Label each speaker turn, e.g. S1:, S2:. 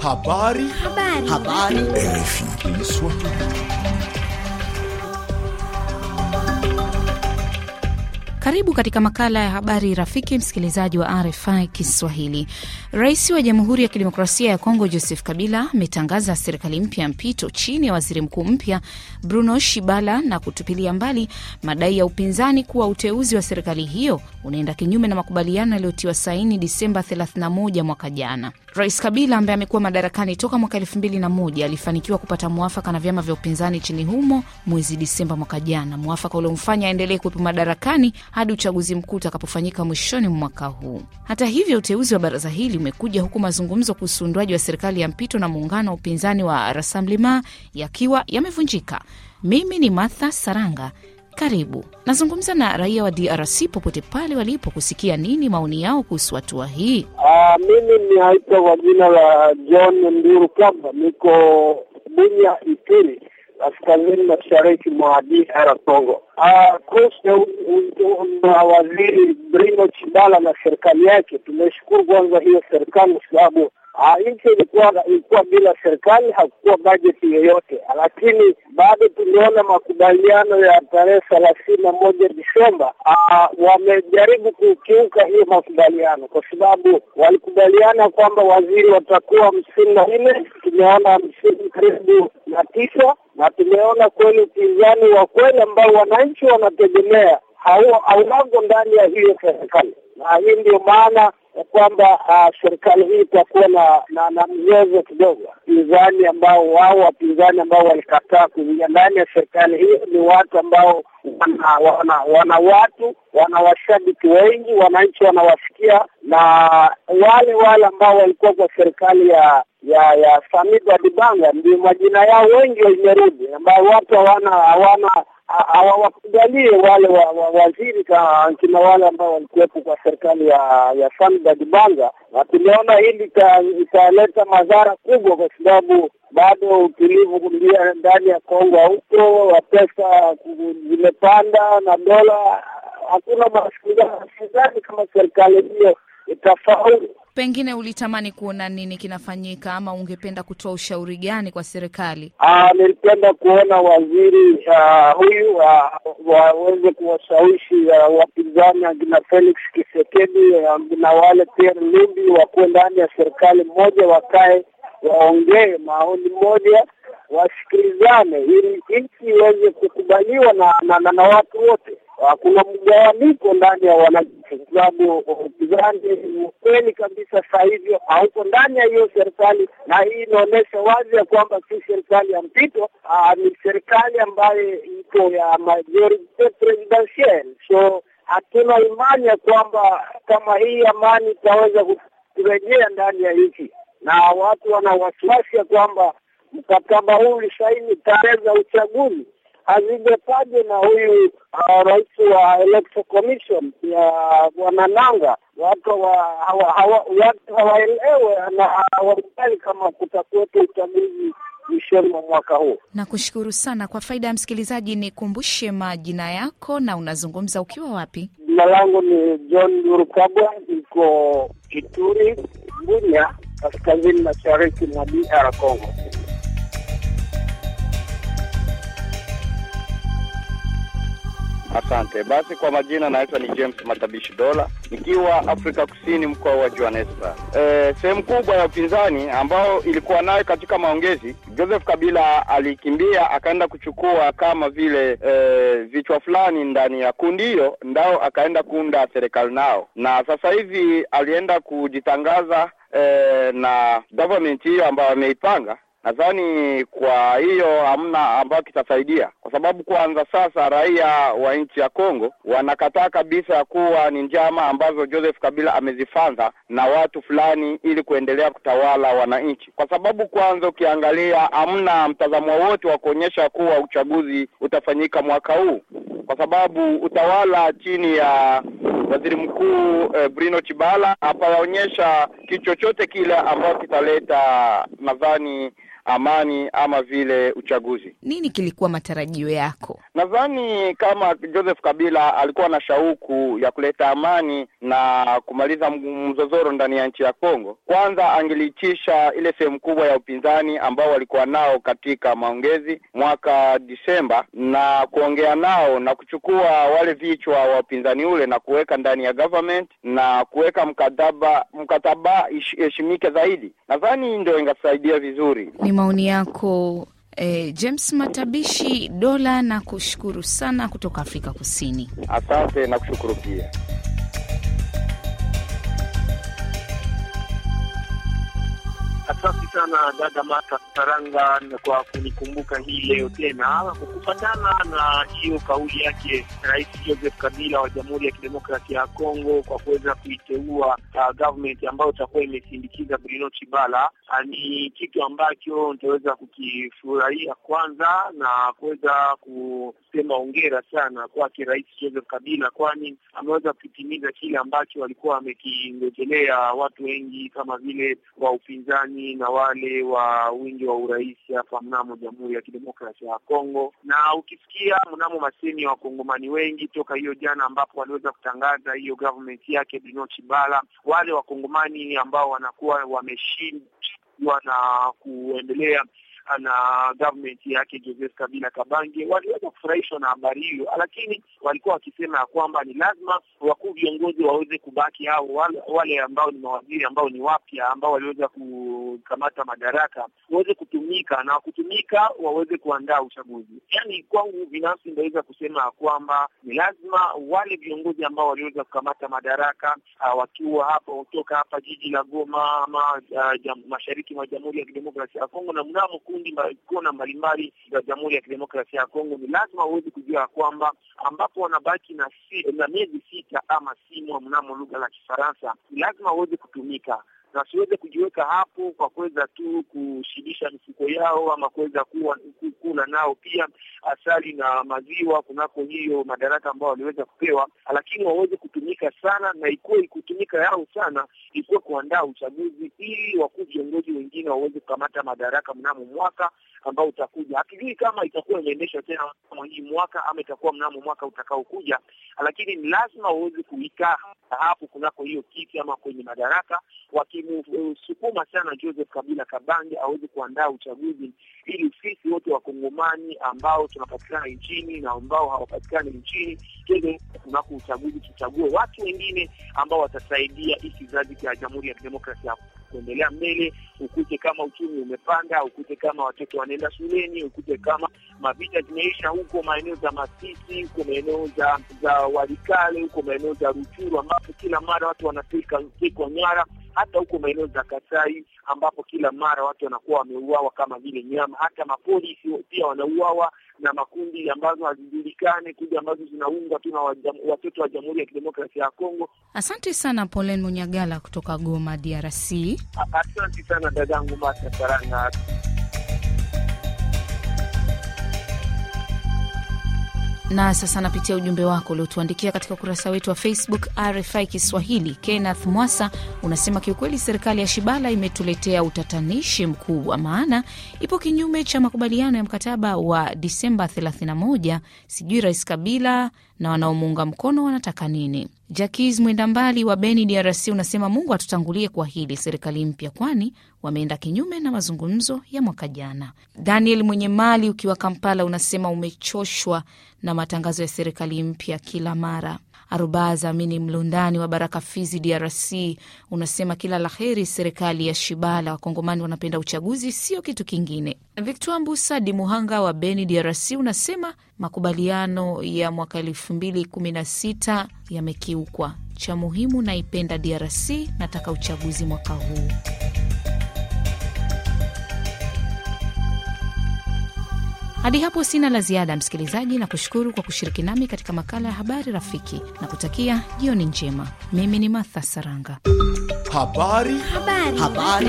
S1: Habari.
S2: Habari. Habari. Kiswahili. Karibu katika makala ya habari rafiki, msikilizaji wa RFI Kiswahili. Rais wa Jamhuri ya Kidemokrasia ya Kongo Joseph Kabila ametangaza serikali mpya ya mpito chini ya waziri mkuu mpya Bruno Shibala na kutupilia mbali madai ya upinzani kuwa uteuzi wa serikali hiyo unaenda kinyume na makubaliano yaliyotiwa saini Disemba 31 mwaka jana. Rais Kabila ambaye amekuwa madarakani toka mwaka elfu mbili na moja alifanikiwa kupata mwafaka na vyama vya upinzani nchini humo mwezi Disemba mwaka jana, mwafaka uliomfanya aendelee kuwepo madarakani hadi uchaguzi mkuu utakapofanyika mwishoni mwa mwaka huu. Hata hivyo, uteuzi wa baraza hili umekuja huku mazungumzo kuhusu undwaji wa serikali ya mpito na muungano wa upinzani wa Rassemblement yakiwa yamevunjika. Mimi ni Martha Saranga karibu, nazungumza na raia wa DRC popote pale walipo kusikia nini maoni yao kuhusu hatua hii.
S3: Uh, mimi ni kwa jina la John Nduru Kamba, niko Bunya, ipiri kaskazini mashariki mwa DR Congo. Ah, kuhusu waziri Brino Chibala na serikali yake, tumeshukuru kwanza hiyo serikali kwa sababu nchi ah, ilikuwa ilikuwa bila serikali, hakukuwa bajeti yoyote, lakini bado tumeona makubaliano ya tarehe thelathini na moja Disemba. Ah, wamejaribu kukiuka hiyo makubaliano kwa sababu walikubaliana kwamba waziri watakuwa hamsini na nne, tumeona hamsini karibu na tisa, na tumeona kweli upinzani wa kweli ambao wananchi wanategemea hauwako ndani ya hiyo serikali, na hii ndio maana kwamba uh, serikali hii itakuwa na, na, na mzozo kidogo. Wapinzani ambao wao wapinzani ambao walikataa kuingia ndani ya serikali hii ni watu ambao wana, wana, wana watu wana washabiki wengi, wananchi wanawasikia, na wale wale ambao walikuwa kwa serikali ya ya ya Samidoa Dibanga ndio majina yao wengi wamerudi, ambao watu hawana hawana hawakubalie wale wa, wa, waziri ka, kina wale ambao walikuwepo kwa serikali ya ya Sanbad Banga, na tumeona hili italeta madhara kubwa, kwa sababu bado utulivu kuingia ndani ya Kongo huko wa pesa zimepanda na dola, hakuna masikilizano. Sidhani kama serikali hiyo itafaulu
S2: pengine ulitamani kuona nini kinafanyika ama ungependa kutoa ushauri gani kwa serikali?
S3: Ah, nilipenda kuona waziri ah, huyu ah, waweze kuwashawishi wapinzani akina Felix kisekedi na wale Pierre Lumbi wakuwe ndani ya serikali mmoja wakae waongee maoni moja wasikilizane ili nchi iweze kukubaliwa na, na, na, na watu wote. Ah, kuna mgawanyiko ndani ya wananchi, kwa sababu upinzani ukweli kabisa sasa hivi hauko ndani ya hiyo serikali, na hii inaonyesha wazi ya kwamba si serikali ya mpito, ah, ni serikali ambayo iko ya majorite presidentielle. So hatuna imani ya kwamba kama hii amani itaweza kurejea ndani ya nchi, na watu wana wasiwasi ya kwamba mkataba huu ulisaini tarehe uchaguzi hazijatajwa na huyu uh, rais wa Electoral Commission ya bwana Nanga. Watu hawaelewe na hawakubali kama kutakuwepo uchaguzi mwishoni mwa mwaka huu.
S2: Nakushukuru sana. Kwa faida ya msikilizaji, nikumbushe majina yako na unazungumza ukiwa wapi?
S3: Jina langu ni John Durukabwa, niko Kituri Bunya, kaskazini mashariki mwa DR Congo.
S4: Asante basi. Kwa majina naitwa ni James Matabishi Dola, nikiwa Afrika Kusini, mkoa wa Johannesburg. E, sehemu kubwa ya upinzani ambayo ilikuwa nayo katika maongezi, Joseph Kabila alikimbia akaenda kuchukua kama vile e, vichwa fulani ndani ya kundi hiyo, ndao akaenda kuunda serikali nao, na sasa hivi alienda kujitangaza e, na government hiyo ambayo ameipanga Nadhani kwa hiyo hamna ambayo kitasaidia, kwa sababu kwanza sasa raia wa nchi ya Kongo wanakataa kabisa kuwa ni njama ambazo Joseph Kabila amezifanya na watu fulani ili kuendelea kutawala wananchi, kwa sababu kwanza ukiangalia hamna mtazamo wowote wa kuonyesha kuwa uchaguzi utafanyika mwaka huu, kwa sababu utawala chini ya waziri mkuu eh, Bruno Chibala kitu kichochote kile ambayo kitaleta nadhani amani ama vile uchaguzi.
S2: Nini kilikuwa matarajio yako?
S4: Nadhani kama Joseph Kabila alikuwa na shauku ya kuleta amani na kumaliza mzozoro ndani ya nchi ya Kongo, kwanza angeliitisha ile sehemu kubwa ya upinzani ambao walikuwa nao katika maongezi mwaka Disemba na kuongea nao na kuchukua wale vichwa wa upinzani ule na kuweka ndani ya government na kuweka mkataba mkataba zaidi. Nadhani ndio ingasaidia vizuri
S2: Nima maoni yako eh, James Matabishi Dola, na kushukuru sana kutoka Afrika Kusini.
S4: Asante na kushukuru pia.
S1: Asante sana dada Mata Karanga kwa kunikumbuka hii leo tena, kufatana na hiyo kauli yake Rais Joseph Kabila wa Jamhuri ya Kidemokrasia ya Kongo kwa kuweza kuiteua uh, government ambayo itakuwa imesindikiza Bruno Chibala. Uh, ni kitu ambacho nitaweza kukifurahia kwanza na kuweza kusema ongera sana kwake Rais Joseph Kabila, kwani ameweza kukitimiza kile ambacho alikuwa amekingojelea watu wengi kama vile wa upinzani na wa wale wa wingi wa urais hapa mnamo Jamhuri ya Kidemokrasia ya Kongo, na ukisikia mnamo maseni ya wa wakongomani wengi toka hiyo jana ambapo waliweza kutangaza hiyo government yake Bruno Chibala, wale wakongomani ambao wanakuwa wameshindwa na kuendelea na government yake Joseph Kabila Kabange waliweza kufurahishwa na habari hiyo, lakini walikuwa wakisema ya kwamba ni lazima wakuu viongozi waweze kubaki, au wale ambao ni mawaziri ambao ni wapya ambao waliweza kukamata madaraka waweze kutumika na kutumika waweze kuandaa uchaguzi. Yaani kwangu binafsi ndaweza kusema ya kwamba ni lazima wale viongozi ambao waliweza kukamata madaraka ah, wakiwa hapa kutoka hapa jiji la Goma ama uh, mashariki mwa Jamhuri ya Kidemokrasia ya Kongo na mnamo makundi kona mbalimbali za Jamhuri ya Kidemokrasia ya Kongo, ni lazima waweze kujua ya kwamba ambapo wanabaki na, si, na miezi sita ama simwa mnamo lugha la Kifaransa, ni lazima waweze kutumika na siweze kujiweka hapo kwa kuweza tu kushibisha mifuko yao ama kuweza kuwa kula nao pia asali na maziwa kunako hiyo madaraka ambao waliweza kupewa, lakini waweze kutumika sana na ikuwe kutumika yao sana ikuwe kuandaa uchaguzi ili wakuu viongozi wengine waweze kukamata madaraka mnamo mwaka ambao utakuja. Hatujui kama itakuwa imeendeshwa tena mnamo hii mwaka ama itakuwa mnamo mwaka utakaokuja, lakini ni lazima waweze kuikaa hapo kunako hiyo kiti ama kwenye madaraka, wakimsukuma sana Joseph Kabila Kabange aweze kuandaa uchaguzi ili sisi wote wakongomani ambao tunapatikana nchini na ambao hawapatikani nchini tuweze kunako uchaguzi, tuchague watu wengine ambao watasaidia hii kizazi cha Jamhuri ya Kidemokrasia kuendelea mbele, ukute kama uchumi umepanda, ukute kama watoto wanaenda shuleni, ukute kama mavita zimeisha huko maeneo za Masisi, huko maeneo za za Walikale, huko maeneo za Ruchuru ambapo kila mara watu wanatekwa nyara hata huko maeneo za Kasai ambapo kila mara watu wanakuwa wameuawa kama vile nyama. Hata mapolisi pia wanauawa na makundi ambazo hazijulikane, kundi ambazo zinaungwa tu na watoto wa Jamhuri ya Kidemokrasia ya Kongo.
S2: Asante sana Polen Munyagala kutoka Goma, DRC.
S1: Asante sana dadangu Mata Saranga.
S2: na sasa napitia ujumbe wako uliotuandikia katika ukurasa wetu wa Facebook RFI Kiswahili. Kenneth Mwasa unasema kiukweli, serikali ya Shibala imetuletea utatanishi mkubwa, maana ipo kinyume cha makubaliano ya mkataba wa Disemba 31. Sijui Rais Kabila na wanaomuunga mkono wanataka nini. Jakis mbali wa Beni, DRC, unasema Mungu atutangulie kwa hili serikali mpya, kwani wameenda kinyume na mazungumzo ya mwaka jana. Daniel Mwenye Mali ukiwa Kampala unasema umechoshwa na matangazo ya serikali mpya kila mara. Arubaza Amini Mlundani wa Baraka, Fizi, DRC, unasema kila la heri serikali ya Shibala. Wakongomani wanapenda uchaguzi, sio kitu kingine. Victor Mbusa Di Muhanga wa Beni, DRC, unasema makubaliano ya mwaka elfu mbili kumi na sita yamekiukwa. Cha muhimu naipenda DRC, nataka uchaguzi mwaka huu. Hadi hapo sina la ziada, msikilizaji, na kushukuru kwa kushiriki nami katika makala ya habari rafiki na kutakia jioni njema. Mimi ni Martha Saranga.
S1: habari. Habari. Habari.